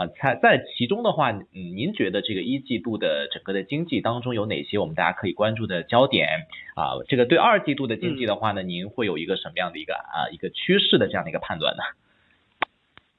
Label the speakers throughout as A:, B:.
A: 啊，在其中的話，嗯，您覺得這個一季度的整個的經濟當中有哪些我們大家可以關注的焦點？啊，這個對二季度的經濟的話呢，您會有一個什麼樣的一個啊一個趨勢的這樣的一個判斷呢？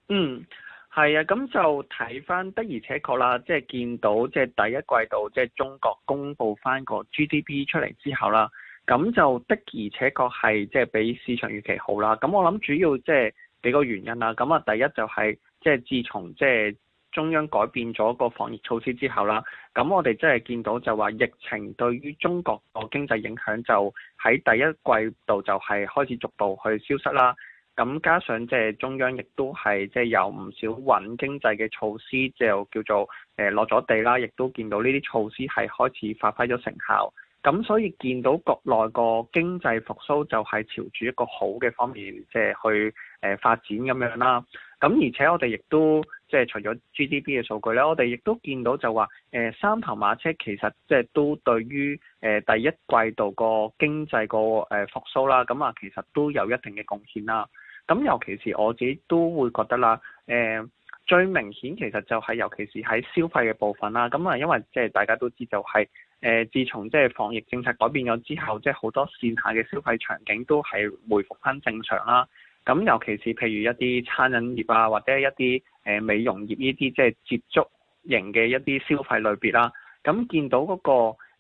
B: 嗯，係啊，咁就睇翻的而且確啦，即係見到即係第一季度即係中國公布翻個 GDP 出嚟之後啦，咁就的而且確係即係比市場預期好啦。咁我諗主要即係幾個原因啦。咁啊，第一就係。即係自從即係中央改變咗個防疫措施之後啦，咁我哋真係見到就話疫情對於中國個經濟影響就喺第一季度就係開始逐步去消失啦。咁加上即係中央亦都係即係有唔少穩經濟嘅措施，就叫做誒落咗地啦，亦都見到呢啲措施係開始發揮咗成效。咁所以見到國內個經濟復甦就係朝住一個好嘅方面即係去誒發展咁樣啦。咁而且我哋亦都即係除咗 GDP 嘅數據咧，我哋亦都見到就話，誒三頭馬車其實即係都對於誒第一季度個經濟個誒復甦啦，咁啊其實都有一定嘅貢獻啦。咁尤其是我自己都會覺得啦，誒最明顯其實就係尤其是喺消費嘅部分啦。咁啊因為即係大家都知就係誒自從即係防疫政策改變咗之後，即係好多線下嘅消費場景都係回復返正常啦。咁尤其是譬如一啲餐飲業啊，或者一啲誒美容業呢啲，即係接觸型嘅一啲消費類別啦，啊。咁見到嗰、嗰個、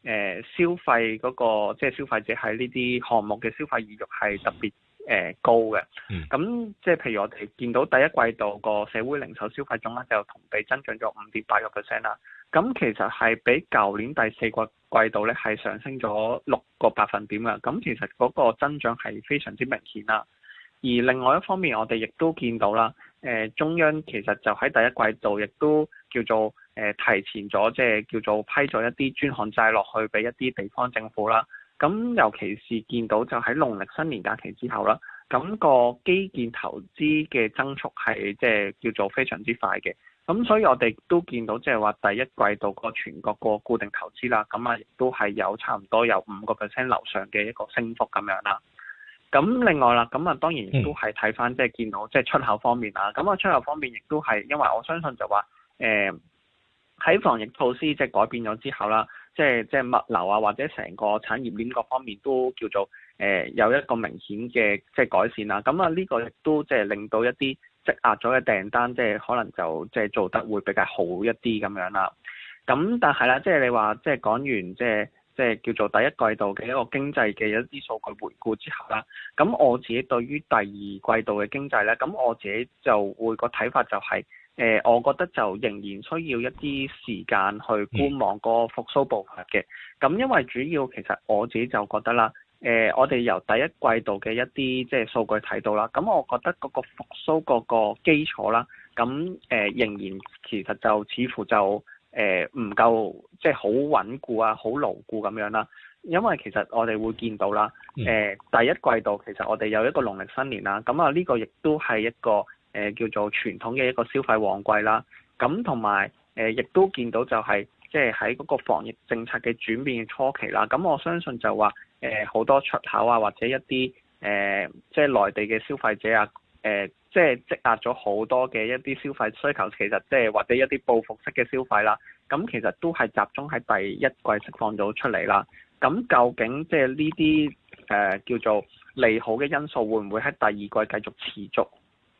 B: 呃、消費嗰、嗰個即係消費者喺呢啲項目嘅消費意欲係特別誒、呃、高嘅。嗯。咁即係譬如我哋見到第一季度個社會零售消費總額就同比增長咗五點八個 percent 啦。咁其實係比舊年第四個季度咧係上升咗六個百分點㗎。咁其實嗰個增長係非常之明顯啦。而另外一方面，我哋亦都見到啦，誒、呃、中央其實就喺第一季度亦都叫做誒、呃、提前咗，即係叫做批咗一啲專項債落去俾一啲地方政府啦。咁尤其是見到就喺農曆新年假期之後啦，咁、那個基建投資嘅增速係即係叫做非常之快嘅。咁所以我哋都見到即係話第一季度個全國個固定投資啦，咁啊亦都係有差唔多有五個 percent 樓上嘅一個升幅咁樣啦。咁另外啦，咁啊當然亦都係睇返即係見到即係出口方面啊。咁啊出口方面亦都係因為我相信就話誒喺防疫措施即係改變咗之後啦，即係即係物流啊或者成個產業鏈各方面都叫做誒有一個明顯嘅即係改善啦。咁啊呢個亦都即係令到一啲積壓咗嘅訂單即係可能就即係做得會比較好一啲咁樣啦。咁但係啦，即係你話即係講完即係。即係叫做第一季度嘅一個經濟嘅一啲數據回顧之後啦，咁我自己對於第二季度嘅經濟咧，咁我自己就會、個睇法就係、是，誒、呃，我覺得就仍然需要一啲時間去觀望個復甦步伐嘅，咁因為主要其實我自己就覺得啦，誒、呃，我哋由第一季度嘅一啲即係數據睇到啦，咁我覺得嗰個復甦嗰個基礎啦，咁誒、呃、仍然其實就似乎就～誒唔、呃、夠即係好穩固啊，好牢固咁樣啦。因為其實我哋會見到啦，誒、嗯呃、第一季度其實我哋有一個農曆新年啦，咁啊呢個亦都係一個誒、呃、叫做傳統嘅一個消費旺季啦。咁同埋誒亦都見到就係、是、即係喺嗰個防疫政策嘅轉變初期啦。咁我相信就話誒好多出口啊，或者一啲誒、呃、即係內地嘅消費者啊誒。呃即係積壓咗好多嘅一啲消費需求，其實即係或者一啲報復式嘅消費啦。咁其實都係集中喺第一季釋放咗出嚟啦。咁究竟即係呢啲誒叫做利好嘅因素，會唔會喺第二季繼續持續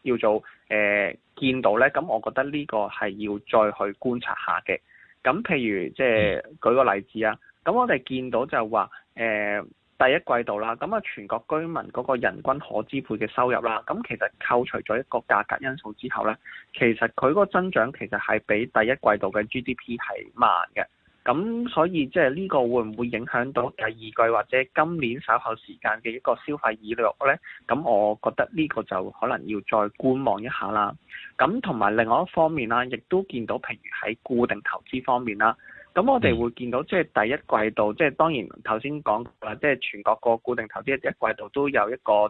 B: 要做誒、呃、見到咧？咁我覺得呢個係要再去觀察下嘅。咁譬如即係舉個例子啊，咁我哋見到就話誒。呃第一季度啦，咁啊全國居民嗰個人均可支配嘅收入啦，咁其實扣除咗一個價格因素之後呢，其實佢個增長其實係比第一季度嘅 GDP 係慢嘅，咁所以即係呢個會唔會影響到第二季或者今年稍後時間嘅一個消費意略呢？咁我覺得呢個就可能要再觀望一下啦。咁同埋另外一方面啦，亦都見到譬如喺固定投資方面啦。咁、嗯、我哋會見到，即係第一季度，即、就、係、是、當然頭先講啦，即、就、係、是、全國個固定投資一季度都有一個誒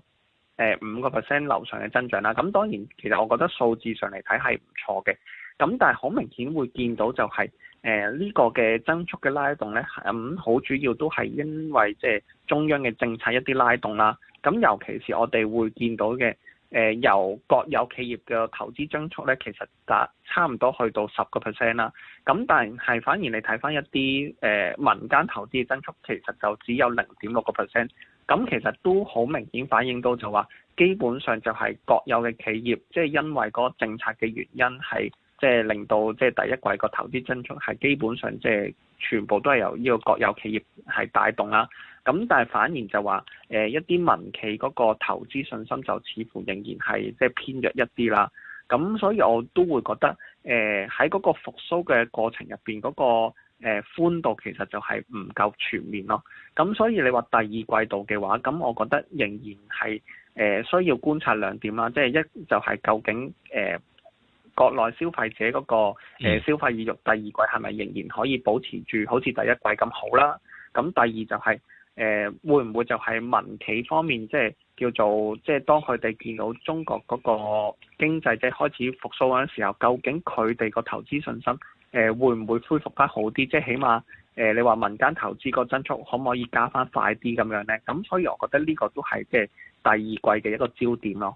B: 五個 percent 樓上嘅增長啦。咁當然其實我覺得數字上嚟睇係唔錯嘅，咁但係好明顯會見到就係誒呢個嘅增速嘅拉動咧，咁、嗯、好主要都係因為即係中央嘅政策一啲拉動啦。咁尤其是我哋會見到嘅。誒、呃、由國有企業嘅投資增速咧，其實達差唔多去到十個 percent 啦。咁但係反而你睇翻一啲誒、呃、民間投資嘅增速，其實就只有零點六個 percent。咁、嗯、其實都好明顯反映到就話，基本上就係國有嘅企業，即、就、係、是、因為嗰個政策嘅原因係。即係令到即係第一季個投資增速係基本上即係全部都係由呢個國有企業係帶動啦。咁但係反而就話誒、呃、一啲民企嗰個投資信心就似乎仍然係即係偏弱一啲啦。咁所以我都會覺得誒喺嗰個復甦嘅過程入邊，嗰個誒寬、呃、度其實就係唔夠全面咯。咁所以你話第二季度嘅話，咁我覺得仍然係誒、呃、需要觀察兩點啦。即係一就係、是、究竟誒。呃國內消費者嗰個誒消費意欲第二季係咪仍然可以保持住好似第一季咁好啦？咁第二就係誒會唔會就係民企方面即係叫做即係當佢哋見到中國嗰個經濟即係開始復甦嗰陣時候，究竟佢哋個投資信心誒會唔會恢復得好啲？即係起碼誒你話民間投資個增速可唔可以加返快啲咁樣咧？咁所以我覺得呢個都係即係第二季嘅一個焦點咯。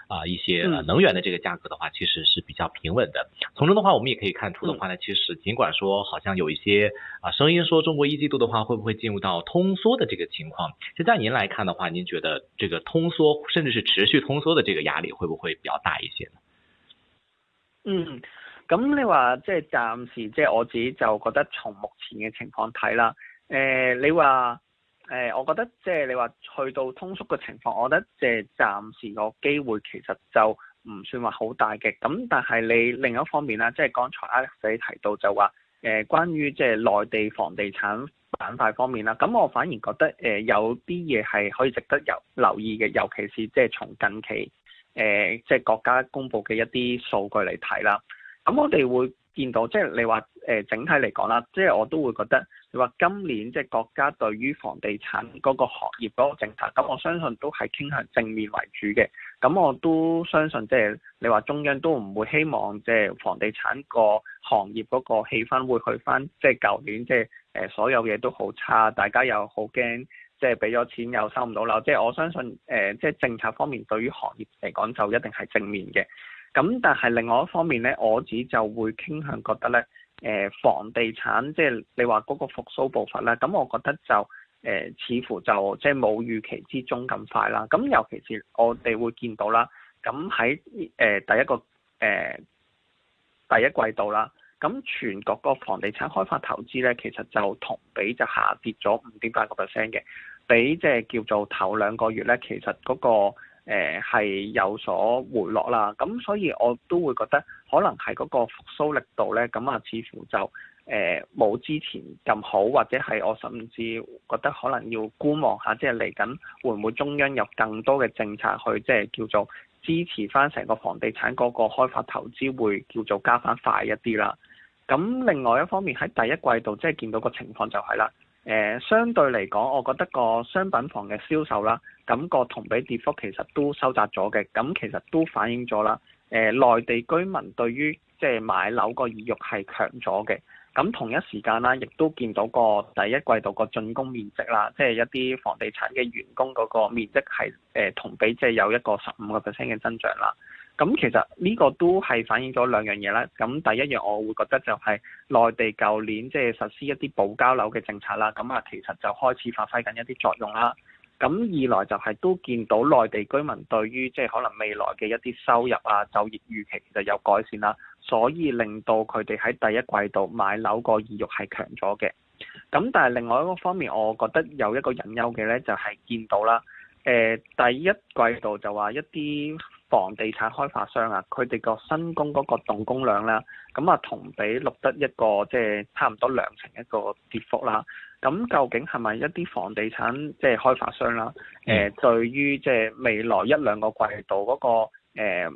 A: 啊，一些能源的這個價格的話，其實是比較平穩的。從中的話，我們也可以看出的話呢，其實儘管說好像有一些啊聲音說，中國一季度的話會不會進入到通縮的這個情況？就在您來看的話，您覺得這個通縮甚至是持續通縮的這個壓力會不會比較大一些呢？
B: 嗯，咁你話即係暫時即係我自己就覺得，從目前嘅情況睇啦，誒、呃，你話。誒、呃，我覺得即係你話去到通縮嘅情況，我覺得即係暫時個機會其實就唔算話好大嘅。咁但係你另一方面啦，即係剛才 Alex 仔提到就話，誒、呃，關於即係內地房地產板塊方面啦，咁我反而覺得誒、呃、有啲嘢係可以值得有留意嘅，尤其是即係從近期誒、呃、即係國家公佈嘅一啲數據嚟睇啦。咁我哋會見到，即係你話。誒、整體嚟講啦，即係我都會覺得你話今年即係國家對於房地產嗰個行業嗰個政策，咁我相信都係傾向正面為主嘅。咁我都相信即係你話中央都唔會希望即係房地產個行業嗰個氣氛會去返即係舊年即係誒所有嘢都好差，大家又好驚即係俾咗錢又收唔到樓。即係我相信誒即係政策方面對於行業嚟講就一定係正面嘅。咁但係另外一方面咧，我自己就會傾向覺得咧。誒、呃、房地產即係你話嗰個復甦步伐咧，咁我覺得就誒、呃、似乎就即係冇預期之中咁快啦。咁尤其是我哋會見到啦，咁喺誒第一個誒、呃、第一季度啦，咁全國個房地產開發投資咧，其實就同比就下跌咗五點八個 percent 嘅，比即係叫做頭兩個月咧，其實嗰、那個誒係、呃、有所回落啦。咁所以我都會覺得。可能係嗰個復甦力度呢，咁啊，似乎就誒冇之前咁好，或者係我甚至覺得可能要觀望下，即係嚟緊會唔會中央有更多嘅政策去即係叫做支持翻成個房地產嗰個開發投資會叫做加翻快一啲啦。咁另外一方面喺第一季度即係見到個情況就係啦，誒相對嚟講，我覺得個商品房嘅銷售啦，咁個同比跌幅其實都收窄咗嘅，咁其實都反映咗啦。誒，內地居民對於即係買樓個意欲係強咗嘅，咁同一時間啦，亦都見到個第一季度個竣工面積啦，即係一啲房地產嘅完工嗰個面積係誒同比即係有一個十五個 percent 嘅增長啦。咁其實呢個都係反映咗兩樣嘢啦。咁第一樣我會覺得就係內地舊年即係實施一啲保交樓嘅政策啦，咁啊其實就開始發揮緊一啲作用啦。咁二來就係都見到內地居民對於即係可能未來嘅一啲收入啊、就業預期就有改善啦，所以令到佢哋喺第一季度買樓個意欲係強咗嘅。咁但係另外一個方面，我覺得有一個隱憂嘅呢，就係見到啦，誒、呃、第一季度就話一啲房地產開發商啊，佢哋個新工嗰個動工量啦，咁啊同比錄得一個即係、就是、差唔多兩成一個跌幅啦。咁究竟係咪一啲房地產即係、就是、開發商啦？誒、嗯呃，對於即係未來一兩個季度嗰、那個、呃、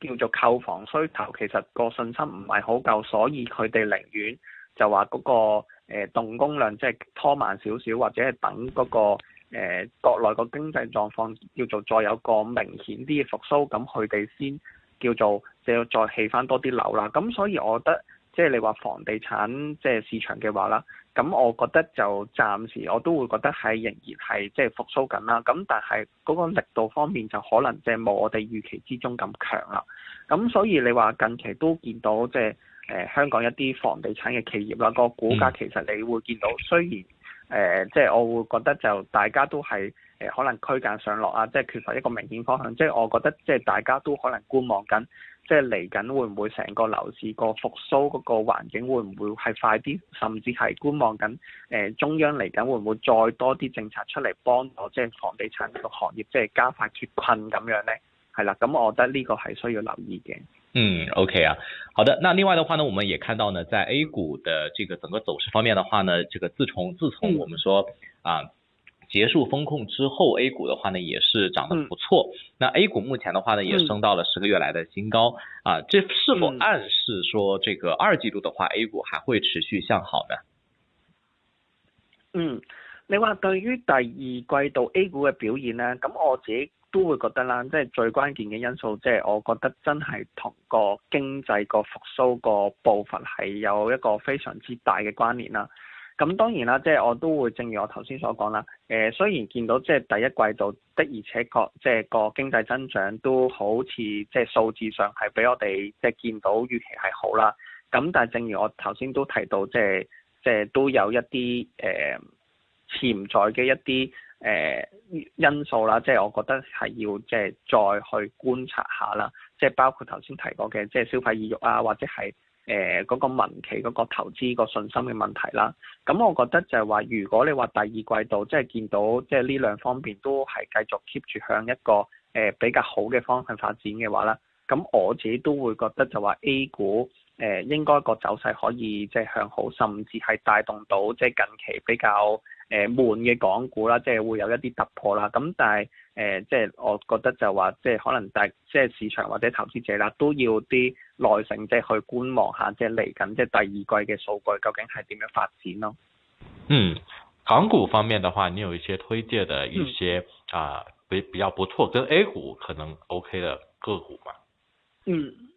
B: 叫做購房需求，其實個信心唔係好夠，所以佢哋寧願就話嗰、那個誒、呃、動工量即係拖慢少少，或者係等嗰、那個。誒國內個經濟狀況叫做再有個明顯啲嘅復甦，咁佢哋先叫做就要再起翻多啲樓啦。咁所以我覺得，即係你話房地產即係市場嘅話啦，咁我覺得就暫時我都會覺得係仍然係即係復甦緊啦。咁但係嗰個力度方面就可能即係冇我哋預期之中咁強啦。咁所以你話近期都見到即係誒、呃、香港一啲房地產嘅企業啦，個股價其實你會見到雖然、嗯。誒、呃，即係我會覺得就大家都係誒、呃，可能區間上落啊，即係缺乏一個明顯方向。即係我覺得，即係大家都可能觀望緊，即係嚟緊會唔會成個樓市復甦個復甦嗰個環境會唔會係快啲，甚至係觀望緊誒、呃、中央嚟緊會唔會再多啲政策出嚟幫助，即係房地產個行業，即係加快脫困咁樣呢。係啦，咁我覺得呢個係需要留意嘅。
A: 嗯，OK 啊，好的，那另外的話呢，我們也看到呢，在 A 股的這個整個走勢方面的話呢，這個自從自從我們說啊結束封控之後，A 股的話呢也是漲得不錯。嗯、那 A 股目前的話呢，也升到了十個月來的新高、嗯、啊，這是否暗示說這個二季度的話 A 股還會持續向好呢？嗯，
B: 另外對於第二季度 A 股的表現呢，咁我自己。都會覺得啦，即係最關鍵嘅因素，即係我覺得真係同個經濟個復甦個步伐係有一個非常之大嘅關聯啦。咁當然啦，即係我都會正如我頭先所講啦，誒、呃，雖然見到即係第一季度，的而且確，即係個經濟增長都好似即係數字上係比我哋即係見到預期係好啦。咁但係正如我頭先都提到，即係即係都有一啲誒潛在嘅一啲誒、呃、因素啦，即係我覺得係要即係再去觀察下啦，即係包括頭先提過嘅，即係消費意欲啊，或者係誒嗰個民企嗰個投資個信心嘅問題啦。咁我覺得就係話，如果你話第二季度即係見到即係呢兩方面都係繼續 keep 住向一個誒、呃、比較好嘅方向發展嘅話咧，咁我自己都會覺得就話 A 股。誒應該個走勢可以即係向好，甚至係帶動到即係近期比較誒悶嘅港股啦，即係會有一啲突破啦。咁但係誒、呃、即係我覺得就話即係可能大即係市場或者投資者啦，都要啲耐性即係去觀望下，即係嚟緊即係第二季嘅數據究竟係點樣發展咯。嗯，
A: 港股方面嘅話，你有一些推介的一些、嗯、啊比比較不錯跟 A 股可能 OK 嘅個股
B: 嘛、嗯。嗯。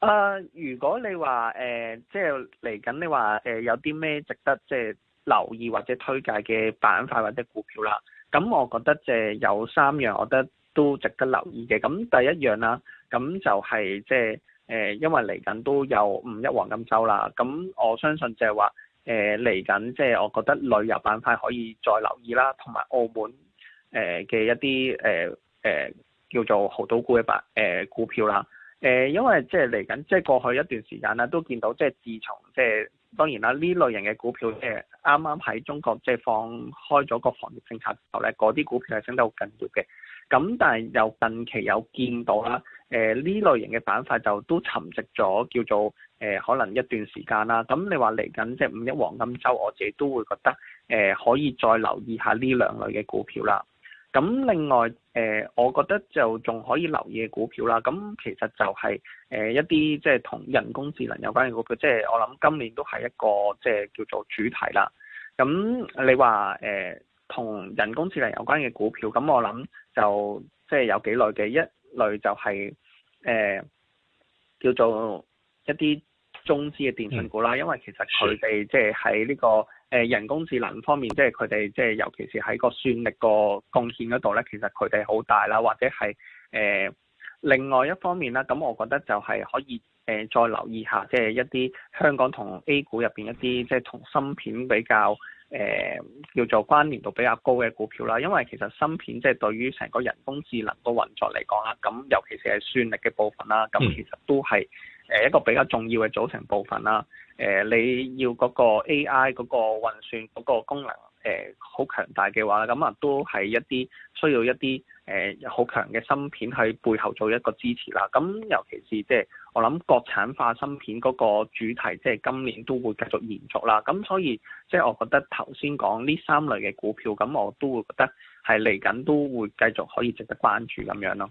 B: 啊、呃，如果你話誒、呃，即係嚟緊，你話誒有啲咩值得即係留意或者推介嘅板塊或者股票啦？咁我覺得即係有三樣，我覺得都值得留意嘅。咁第一樣啦，咁就係即係誒，因為嚟緊都有五一黃金週啦，咁我相信就係話誒嚟緊，即、呃、係我覺得旅遊板塊可以再留意啦，同埋澳門誒嘅、呃、一啲誒誒叫做濠賭股嘅板誒股票啦。誒，因為即係嚟緊，即係過去一段時間啦，都見到即係自從即係當然啦，呢類型嘅股票，即啱啱喺中國即係放開咗個防疫政策之後咧，嗰啲股票係升得好緊要嘅。咁但係又近期有見到啦，誒呢類型嘅板塊就都沉寂咗，叫做誒可能一段時間啦。咁你話嚟緊即係五一黃金周，我自己都會覺得誒可以再留意下呢兩類嘅股票啦。咁另外，誒，我覺得就仲可以留意嘅股票啦。咁其實就係誒一啲即係同人工智能有關嘅股票，即係我諗今年都係一個即係叫做主題啦。咁你話誒同人工智能有關嘅股票，咁我諗就即係有幾類嘅，一類就係誒叫做一啲中資嘅電信股啦，因為其實佢哋即係喺呢個誒人工智能方面，即係佢哋即係尤其是喺個算力個貢獻嗰度咧，其實佢哋好大啦。或者係誒另外一方面啦，咁我覺得就係可以誒再留意下，即係一啲香港同 A 股入邊一啲即係同芯片比較誒叫做關聯度比較高嘅股票啦。因為其實芯片即係對於成個人工智能個運作嚟講啦，咁尤其是係算力嘅部分啦，咁其實都係。誒一個比較重要嘅組成部分啦。誒、呃、你要嗰個 AI 嗰個運算嗰個功能誒好強大嘅話咧，咁、嗯、啊都係一啲需要一啲誒好強嘅芯片喺背後做一個支持啦。咁、嗯、尤其是即係我諗國產化芯片嗰個主題，即係今年都會繼續延續啦。咁、嗯、所以即係我覺得頭先講呢三類嘅股票，咁、嗯、我都會覺得係嚟緊都會繼續可以值得關注咁樣咯。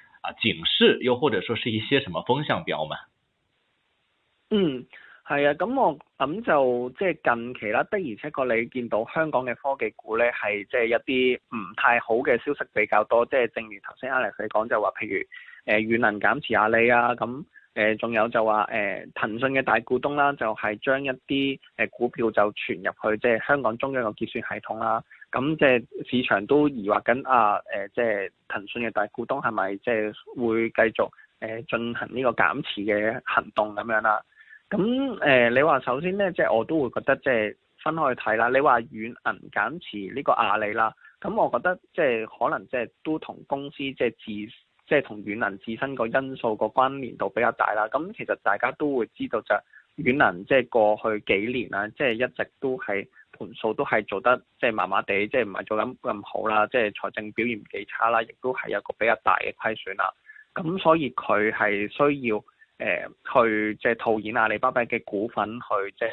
A: 啊，警示又或者說是一些什麼風向標嘛、嗯
B: 啊？嗯，係啊，咁我諗就即係近期啦，的而且確你見到香港嘅科技股咧，係即係一啲唔太好嘅消息比較多，即係正如頭先 Alex 講就話，譬如誒，軟、呃、能減持阿里啊咁。嗯。誒，仲有就話誒、嗯，騰訊嘅大股東啦，就係、是、將一啲誒股票就存入去，即係香港中央嘅結算系統啦。咁即係市場都疑惑緊啊，誒、嗯，即係騰訊嘅大股東係咪即係會繼續誒進行呢個減持嘅行動咁樣啦？咁、嗯、誒、嗯嗯嗯嗯嗯嗯，你話首先咧，即係我都會覺得即係分開去睇啦。你話軟銀減持呢個阿里啦，咁、嗯、我覺得即係可能即係都同公司即係自即係同軟銀自身個因素個關聯度比較大啦。咁其實大家都會知道，就軟銀即係過去幾年啦，即係一直都係盤數都係做得即係麻麻地，即係唔係做得咁好啦。即係財政表現幾差啦，亦都係一個比較大嘅虧損啦。咁所以佢係需要誒去即係套現阿里巴巴嘅股份，去即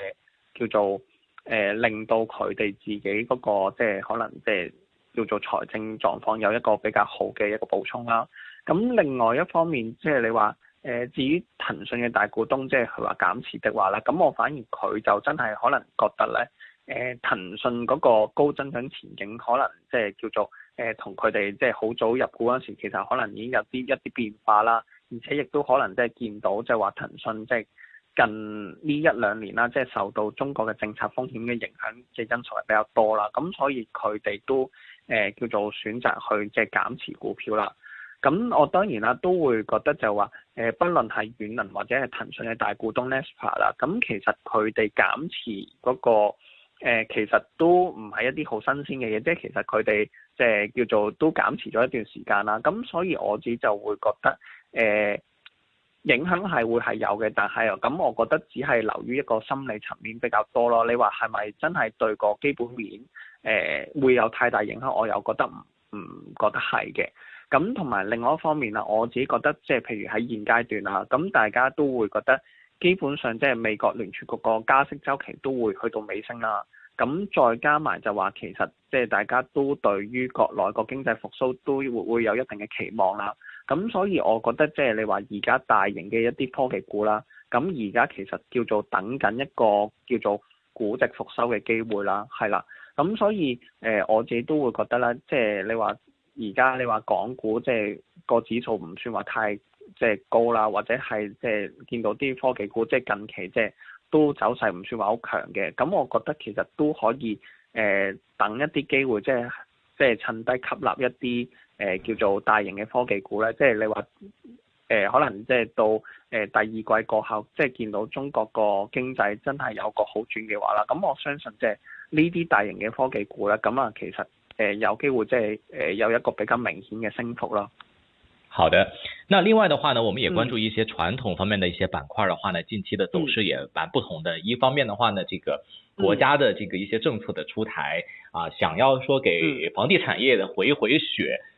B: 係叫做誒、呃、令到佢哋自己嗰、那個即係可能即、就、係、是、叫做財政狀況有一個比較好嘅一個補充啦。咁另外一方面，即係你話誒，至於騰訊嘅大股東，即係佢話減持的話啦，咁我反而佢就真係可能覺得咧，誒騰訊嗰個高增長前景，可能即係叫做誒同佢哋即係好早入股嗰時，其實可能已經有啲一啲變化啦，而且亦都可能即係見到即係話騰訊即係近呢一兩年啦，即係受到中國嘅政策風險嘅影響，嘅因素係比較多啦，咁所以佢哋都誒叫做選擇去即係減持股票啦。咁我當然啦，都會覺得就話誒、呃，不論係軟銀或者係騰訊嘅大股東 Naspers 啦，咁、啊、其實佢哋減持嗰、那個、呃、其實都唔係一啲好新鮮嘅嘢，即係其實佢哋即係叫做都減持咗一段時間啦。咁、啊、所以我自己就會覺得誒、呃、影響係會係有嘅，但係咁、呃、我覺得只係流於一個心理層面比較多咯。你話係咪真係對個基本面誒、呃、會有太大影響？我又覺得唔唔覺得係嘅。咁同埋另外一方面啦，我自己覺得即係譬如喺現階段啊，咁大家都會覺得基本上即係美國聯儲局個加息周期都會去到尾聲啦。咁再加埋就話其實即係大家都對於國內個經濟復甦都會會有一定嘅期望啦。咁所以我覺得即係、就是、你話而家大型嘅一啲科技股啦，咁而家其實叫做等緊一個叫做估值復甦嘅機會啦，係啦。咁所以誒、呃、我自己都會覺得啦，即、就、係、是、你話。而家你話港股即係個指數唔算話太即係高啦，或者係即係見到啲科技股即係近期即係都走勢唔算話好強嘅，咁我覺得其實都可以誒等一啲機會，即係即係趁低吸納一啲誒叫做大型嘅科技股咧。即係你話誒可能即係到誒第二季過後，即係見到中國個經濟真係有個好轉嘅話啦，咁我相信即係呢啲大型嘅科技股咧，咁啊其實。誒、呃、有機會即係誒有一個比較明顯嘅升幅咯。
A: 好的，那另外的話呢，我們也關注一些傳統方面的一些板塊的話呢，近期的走勢也蠻不同嘅。一方面的話呢，這個國家的這個一些政策的出台啊，想要說給房地產業的回回血。嗯嗯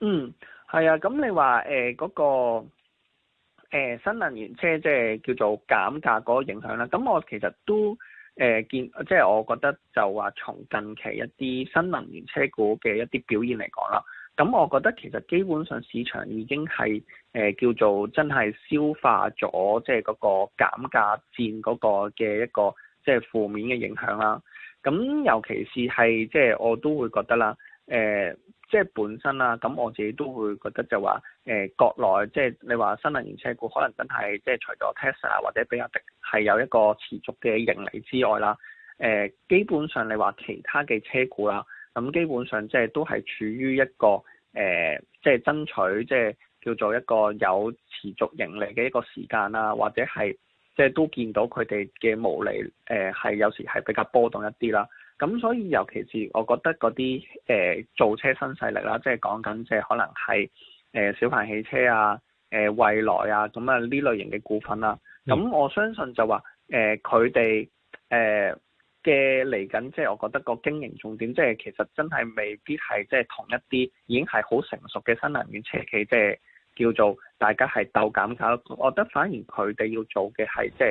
B: 嗯，係啊，咁你話誒嗰個誒、呃、新能源車即係叫做減價嗰個影響啦，咁我其實都誒、呃、見，即係我覺得就話從近期一啲新能源車股嘅一啲表現嚟講啦，咁我覺得其實基本上市場已經係誒、呃、叫做真係消化咗即係嗰個減價戰嗰個嘅一個即係負面嘅影響啦，咁尤其是係即係我都會覺得啦，誒、呃。即係本身啦，咁我自己都會覺得就話誒、呃、國內即係你話新能源車股可能真係即係除咗 Tesla 或者比亞迪係有一個持續嘅盈利之外啦，誒、呃、基本上你話其他嘅車股啦，咁基本上即係都係處於一個誒、呃、即係爭取即係叫做一個有持續盈利嘅一個時間啦，或者係即係都見到佢哋嘅毛利誒係有時係比較波動一啲啦。咁、嗯、所以尤其是我覺得嗰啲誒造車新勢力啦，即係講緊，即係可能係誒、呃、小鵬汽車啊、誒、呃、蔚來啊咁啊呢類型嘅股份啦、啊。咁、嗯嗯、我相信就話誒佢哋誒嘅嚟緊，即係我覺得個經營重點，即係其實真係未必係即係同一啲已經係好成熟嘅新能源車企，即係叫做大家係鬥減價啦。我覺得反而佢哋要做嘅係即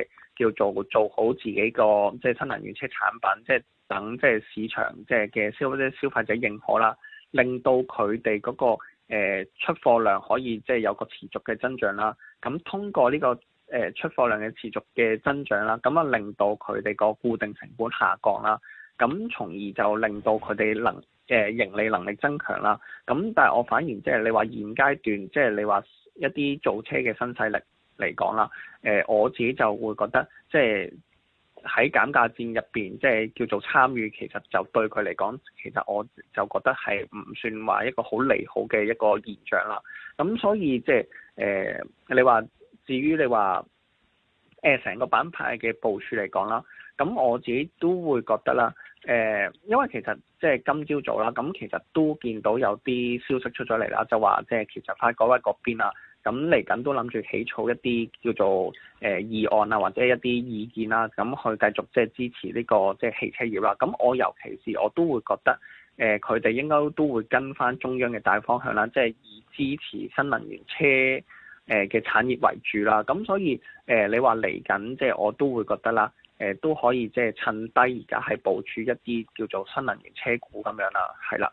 B: 係叫做做好自己個即係新能源車產品，即係。等即係市場即係嘅消即係消費者認可啦，令到佢哋嗰個誒出貨量可以即係有個持續嘅增長啦。咁通過呢個誒出貨量嘅持續嘅增長啦，咁啊令到佢哋個固定成本下降啦，咁從而就令到佢哋能誒盈利能力增強啦。咁但係我反而即係你話現階段即係你話一啲造車嘅新勢力嚟講啦，誒我自己就會覺得即係。喺減價戰入邊，即、就、係、是、叫做參與，其實就對佢嚟講，其實我就覺得係唔算話一個好利好嘅一個現象啦。咁所以即係誒，你話至於你話誒成個板塊嘅部署嚟講啦，咁我自己都會覺得啦。誒、呃，因為其實即係、就是、今朝早啦，咁其實都見到有啲消息出咗嚟啦，就話即係其實喺發改委嗰邊啦。咁嚟緊都諗住起草一啲叫做誒、呃、議案啊，或者一啲意見啦，咁、嗯、去繼續即係支持呢個即係汽車業啦。咁、嗯、我尤其是我都會覺得，誒佢哋應該都會跟翻中央嘅大方向啦，即係以支持新能源車誒嘅、呃、產業為主啦。咁、嗯、所以誒、呃，你話嚟緊即係我都會覺得啦，誒、呃、都可以即係趁低而家係部署一啲叫做新能源車股咁樣啦，係啦。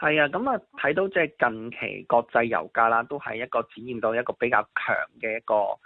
B: 係啊，咁啊睇到即係近期國際油價啦，都係一個展現到一個比較強嘅一個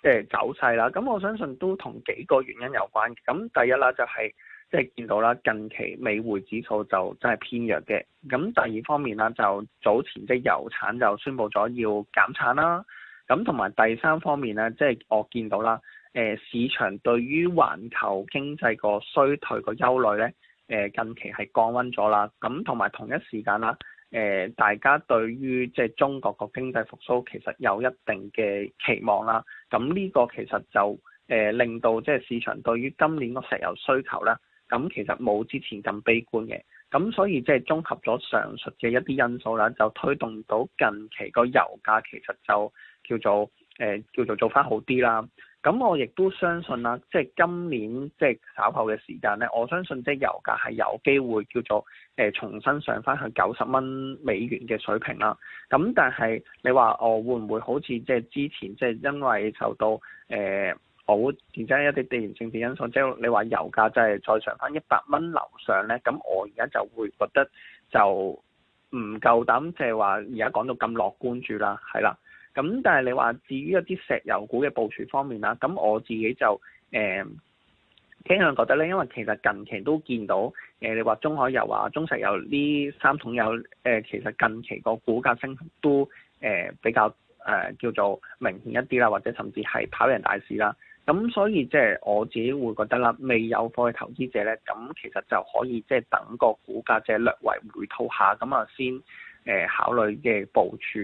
B: 即係走勢啦。咁我相信都同幾個原因有關嘅。咁第一啦，就係即係見到啦，近期美匯指數就真係偏弱嘅。咁第二方面啦，就早前即係油產就宣布咗要減產啦。咁同埋第三方面咧，即係我見到啦，誒市場對於環球經濟個衰退個憂慮咧。誒近期係降溫咗啦，咁同埋同一時間啦，誒大家對於即係中國個經濟復甦其實有一定嘅期望啦，咁呢個其實就誒令到即係市場對於今年個石油需求啦，咁其實冇之前咁悲觀嘅，咁所以即係綜合咗上述嘅一啲因素啦，就推動到近期個油價其實就叫做誒叫做做返好啲啦。咁我亦都相信啦，即係今年即係稍後嘅時間咧，我相信即係油價係有機會叫做誒、呃、重新上返去九十蚊美元嘅水平啦。咁但係你話我會唔會好似即係之前即係因為受到誒好變質一啲地緣政治因素，即係你話油價真係再上返一百蚊樓上咧？咁我而家就會覺得就唔夠膽即係話而家講到咁樂觀住啦，係啦。咁但係你話至於一啲石油股嘅部署方面啦，咁我自己就誒傾向覺得咧，因為其實近期都見到誒、呃、你話中海油啊、中石油呢三桶油誒、呃，其實近期個股價升都誒、呃、比較誒、呃、叫做明顯一啲啦，或者甚至係跑贏大市啦。咁所以即係、就是、我自己會覺得啦，未有貨嘅投資者咧，咁其實就可以即係等個股價即係、就是、略為回吐下，咁啊先誒、呃、考慮嘅部署。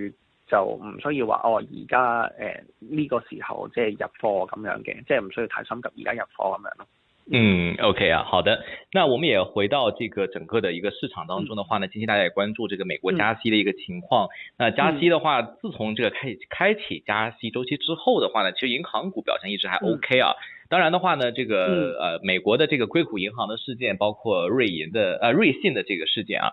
B: 就唔需要話哦，而家誒呢個時候即係入貨咁樣嘅，即係唔需要太心急而家入貨咁樣咯。嗯
A: ，OK 啊，好的。那我們也回到這個整個的一個市場當中的話呢，近期、嗯、大家也關注這個美國加息的一個情況。嗯、那加息的話，自從這個開開啟加息周期之後的話呢，其實銀行股表現一直還 OK 啊。嗯、當然的話呢，這個呃美國的這個硅谷銀行的事件，包括瑞銀的呃、啊、瑞信的這個事件啊。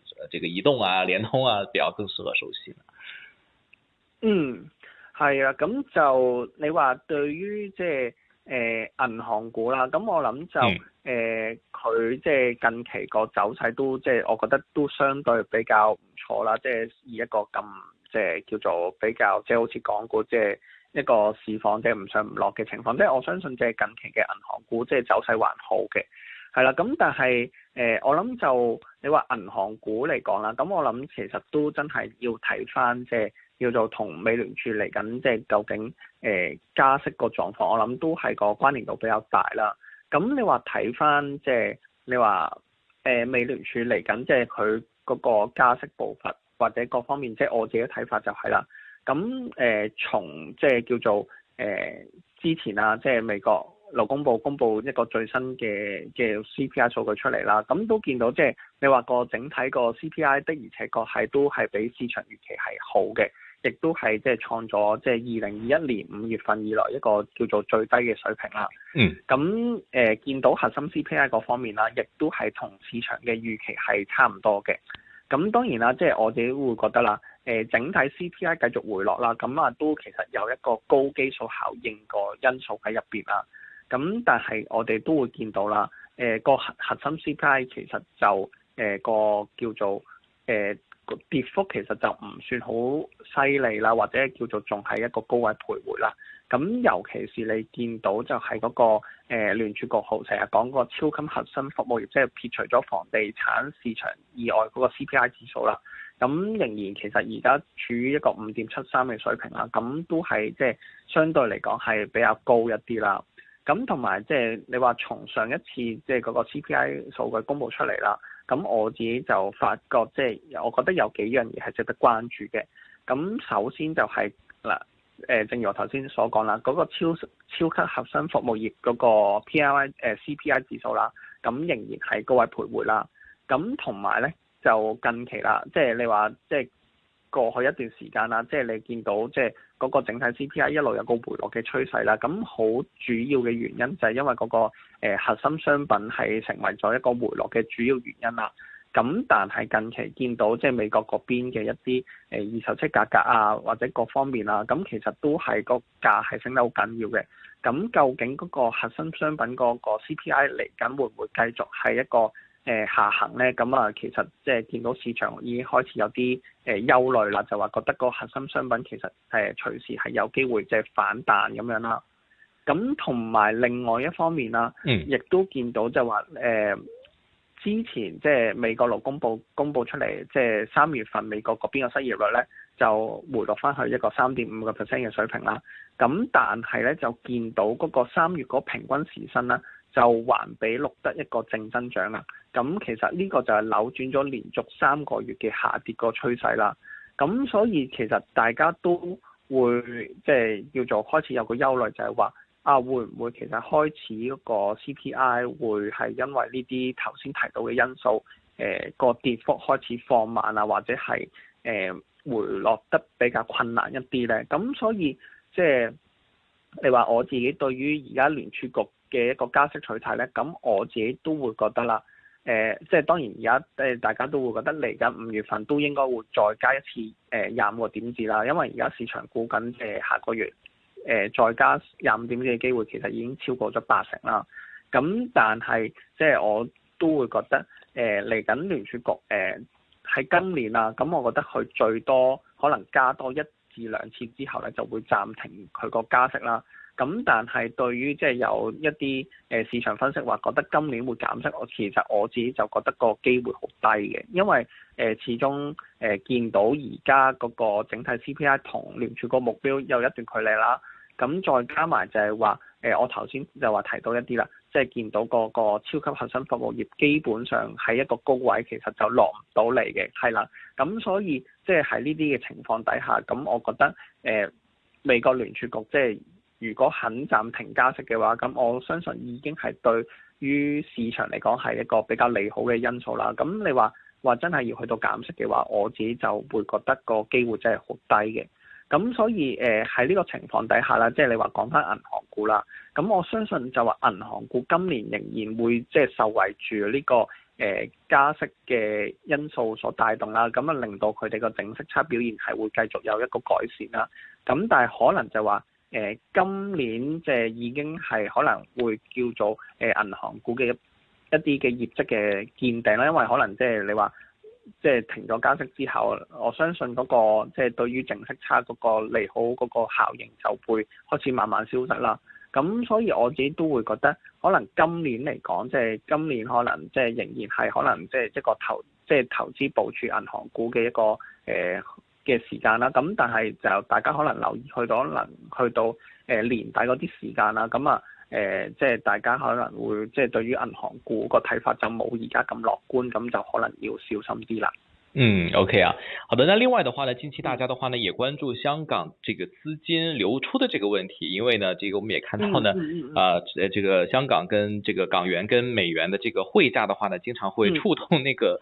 A: 這個移動啊、聯通啊，比較更適合收市。嗯，
B: 係啊，咁就你話對於即係誒銀行股啦，咁我諗就誒佢即係近期個走勢都即係、就是、我覺得都相對比較唔錯啦，即、就、係、是、以一個咁即係叫做比較即係、就是、好似港股即係一個市況即係唔上唔落嘅情況，即、就、係、是、我相信即係近期嘅銀行股即係走勢還好嘅。係啦，咁但係誒，我諗就你話銀行股嚟講啦，咁我諗其實都真係要睇返即係叫做同美聯儲嚟緊即係究竟誒加息個狀況，我諗都係個關聯度比較大啦。咁你話睇返即係你話誒美聯儲嚟緊即係佢嗰個加息步伐或者各方面，即係我自己睇法就係啦。咁誒從即係叫做誒之前啊，即係美國勞工部公布一個最新嘅嘅 CPI 數據出嚟啦，咁都見到即係你話個整體個 CPI 的而且確係都係比市場預期係好嘅，亦都係即係創咗即係二零二一年五月份以來一個叫做最低嘅水平啦。嗯、mm. 啊。咁、呃、誒見到核心 CPI 嗰方面啦，亦都係同市場嘅預期係差唔多嘅。咁、啊、當然啦，即係我自己會覺得啦，誒、呃、整體 CPI 繼續回落啦，咁啊都其實有一個高基數效應個因素喺入邊啊。咁，但係我哋都會見到啦。誒個核核心 CPI 其實就誒、呃、個叫做誒、呃、跌幅其實就唔算好犀利啦，或者叫做仲係一個高位徘徊啦。咁、嗯、尤其是你見到就係嗰、那個誒聯儲局號成日講嗰個超級核心服務業，即係撇除咗房地產市場以外嗰個 CPI 指數啦。咁、嗯、仍然其實而家處於一個五點七三嘅水平啦。咁、嗯、都係即係相對嚟講係比較高一啲啦。咁同埋即係你話從上一次即係嗰個 CPI 數據公佈出嚟啦，咁我自己就發覺即係我覺得有幾樣嘢係值得關注嘅。咁首先就係、是、嗱，誒、啊呃、正如我頭先所講啦，嗰、那個超超級核心服務業嗰個 PPI 誒、呃、CPI 指數啦，咁仍然係高位徘徊啦。咁同埋咧就近期啦，即、就、係、是、你話即係。就是過去一段時間啦，即係你見到即係嗰個整體 CPI 一路有個回落嘅趨勢啦，咁好主要嘅原因就係因為嗰個、呃、核心商品係成為咗一個回落嘅主要原因啦。咁但係近期見到即係美國嗰邊嘅一啲誒、呃、二手車價格啊，或者各方面啊，咁其實都係個價係升得好緊要嘅。咁究竟嗰個核心商品嗰個 CPI 嚟緊會唔會繼續係一個誒下行咧，咁啊，其實即係見到市場已經開始有啲誒憂慮啦，就話覺得個核心商品其實誒隨時係有機會即係反彈咁樣啦。咁同埋另外一方面啦，亦、嗯、都見到就話誒、呃、之前即係美國勞工部公佈公佈出嚟，即係三月份美國嗰邊個失業率咧，就回落翻去一個三點五個 percent 嘅水平啦。咁但係咧就見到嗰個三月嗰平均時薪啦。就環比錄得一個正增長啦。咁其實呢個就係扭轉咗連續三個月嘅下跌個趨勢啦。咁所以其實大家都會即係叫做開始有個憂慮，就係話啊，會唔會其實開始嗰個 CPI 會係因為呢啲頭先提到嘅因素，誒、呃這個跌幅開始放慢啊，或者係誒、呃、回落得比較困難一啲呢？咁所以即係、就是、你話我自己對於而家聯儲局。嘅一個加息取態咧，咁我自己都會覺得啦，誒、呃，即係當然而家誒，大家都會覺得嚟緊五月份都應該會再加一次誒廿五個點子啦，因為而家市場估緊誒下個月誒、呃、再加廿五點子嘅機會其實已經超過咗八成啦。咁但係即係我都會覺得誒嚟緊聯儲局誒喺、呃、今年啊，咁我覺得佢最多可能加多一至兩次之後咧，就會暫停佢個加息啦。咁但係對於即係有一啲誒市場分析話覺得今年會減息，我其實我自己就覺得個機會好低嘅，因為誒、呃、始終誒、呃、見到而家嗰個整體 CPI 同聯儲個目標有一段距離啦。咁再加埋就係話誒，我頭先就話提到一啲啦，即係見到嗰個、呢個超級核心服務業基本上喺一個高位，其實就落唔到嚟嘅，係啦。咁所以即係喺呢啲嘅情況底下，咁我覺得誒、呃、美國聯儲局即係。如果肯暫停加息嘅話，咁我相信已經係對於市場嚟講係一個比較利好嘅因素啦。咁你話話真係要去到減息嘅話，我自己就會覺得個機會真係好低嘅。咁所以誒喺呢個情況底下啦，即係你話講返銀行股啦，咁我相信就話銀行股今年仍然會即係受惠住呢個誒、呃、加息嘅因素所帶動啦，咁啊令到佢哋個淨息差表現係會繼續有一個改善啦。咁但係可能就話。誒、呃、今年即係已經係可能會叫做誒、呃、銀行股嘅一啲嘅業績嘅見定啦，因為可能即係你話即係停咗加息之後，我相信嗰個即係對於淨息差嗰個利好嗰個效應就會開始慢慢消失啦。咁所以我自己都會覺得，可能今年嚟講，即係今年可能即係仍然係可能即係一個投即係、就是、投資部署銀行股嘅一個誒。呃嘅時間啦，咁但係就大家可能留意去到可能去到誒、呃、年底嗰啲時間啦，咁啊誒即係大家可能會即係對於銀行股個睇法就冇而家咁樂觀，咁就可能要小心啲啦。嗯
A: ，OK 啊，好的。那另外的話呢，近期大家的話呢，也關注香港這個資金流出的這個問題，因為呢，這個我們也看到呢，啊誒、嗯呃，這個香港跟這個港元跟美元的這個匯價的話呢，經常會觸動那個。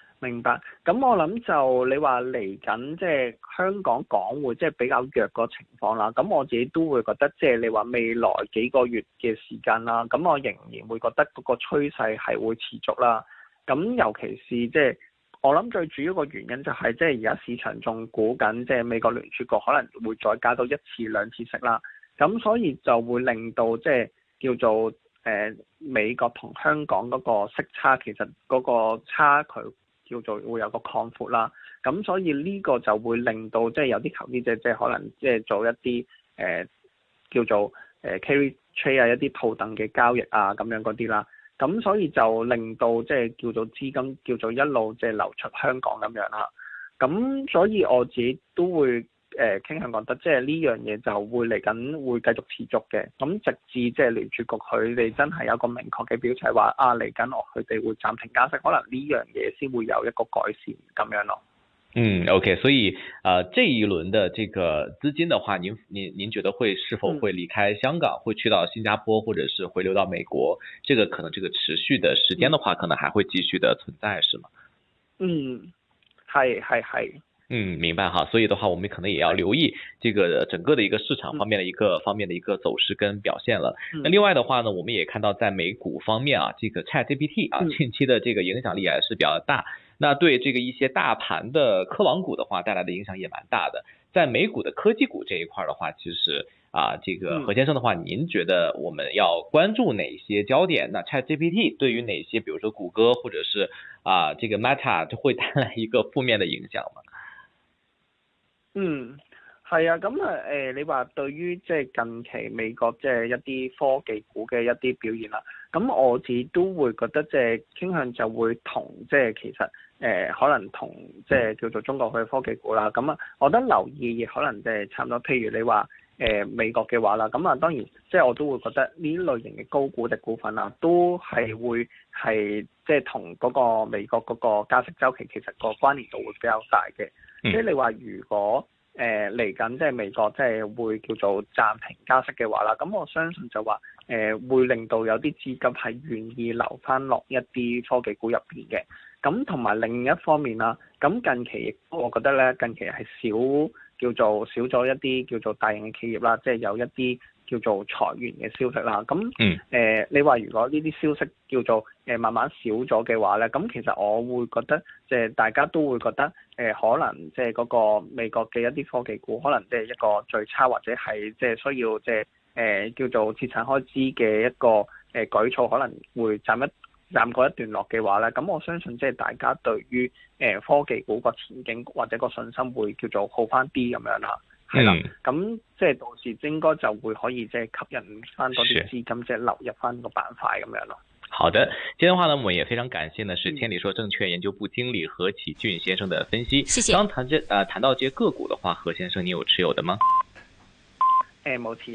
B: 明白，咁我諗就你話嚟緊，即係香港港匯即係比較弱個情況啦。咁我自己都會覺得，即係你話未來幾個月嘅時間啦，咁我仍然會覺得嗰個趨勢係會持續啦。咁尤其是即係我諗最主要個原因就係即係而家市場仲估緊，即係美國聯儲局可能會再加到一次兩次息啦。咁所以就會令到即係叫做誒、呃、美國同香港嗰個息差，其實嗰個差距。叫做會有個擴闊啦，咁所以呢個就會令到即係有啲投資者即係可能即係做一啲誒、呃、叫做誒、呃、carry trade 啊一啲套戥嘅交易啊咁樣嗰啲啦，咁所以就令到即係叫做資金叫做一路即係流出香港咁樣啦，咁所以我自己都會，誒傾向覺得，即係呢樣嘢就會嚟緊會繼續持續嘅，咁直至即係聯儲局佢哋真係有個明確嘅表態話啊嚟緊我佢哋會暫停加息，可能呢樣嘢先會有一個改善咁樣咯。嗯
A: ，OK，所以啊、呃，這一輪的這個資金的話，您您您覺得會是否會離開香港，會去到新加坡，或者是回流到美國？這個可能這個持續的時間的話，可能還會繼續的存在，是嗎？嗯，
B: 係係係。
A: 嗯，明白哈，所以的話，我們可能也要留意這個整個的一個市場方面的一個、嗯、方面的一個走勢跟表現了。那、嗯、另外的話呢，我們也看到在美股方面啊，這個 ChatGPT 啊近期的這個影響力還是比較大，嗯、那對這個一些大盤的科網股的話，帶來的影響也蠻大的。在美股的科技股這一塊的話，其實啊，這個何先生的話，您覺得我們要關注哪些焦點？那 ChatGPT 對於哪些，比如說谷歌或者是啊這個 Meta 就會帶來一個負面的影響嗎？
B: 嗯，係啊，咁啊，誒、呃，你話對於即係近期美國即係一啲科技股嘅一啲表現啦，咁我自都會覺得即係傾向就會同即係其實誒、呃，可能同即係叫做中國嘅科技股啦，咁啊，我覺得留意亦可能即係差唔多，譬如你話誒、呃、美國嘅話啦，咁啊，當然即係我都會覺得呢類型嘅高估值股份啦、啊，都係會係即係同嗰個美國嗰個加息周期其實個關聯度會比較大嘅。即係你話，嗯、如果誒嚟緊即係美國即係會叫做暫停加息嘅話啦，咁我相信就話誒、呃、會令到有啲資金係願意留翻落一啲科技股入邊嘅。咁同埋另一方面啦，咁近期我覺得咧，近期係少叫做少咗一啲叫做大型嘅企業啦，即係有一啲。叫做裁員嘅消息啦，咁誒、嗯呃、你話如果呢啲消息叫做誒、呃、慢慢少咗嘅話咧，咁其實我會覺得即係、呃、大家都會覺得誒、呃、可能即係嗰個美國嘅一啲科技股可能即係一個最差或者係即係需要即係誒叫做節省開支嘅一個誒、呃、舉措，可能會暫一暫過一段落嘅話咧，咁我相信即係大家對於誒、呃、科技股個前景或者個信心會叫做好翻啲咁樣啦。係啦，咁即係到時應該就會可以即係吸引翻多啲資金，即係流入翻個板塊咁樣咯。好
A: 的，今天話呢，我們也非常感謝呢，是千里說證券研究部經理何啟俊先生的分析。謝謝。剛談這，呃，談到這些個股的話，何先生，你有持有的嗎？
B: 誒謝，冇持、呃。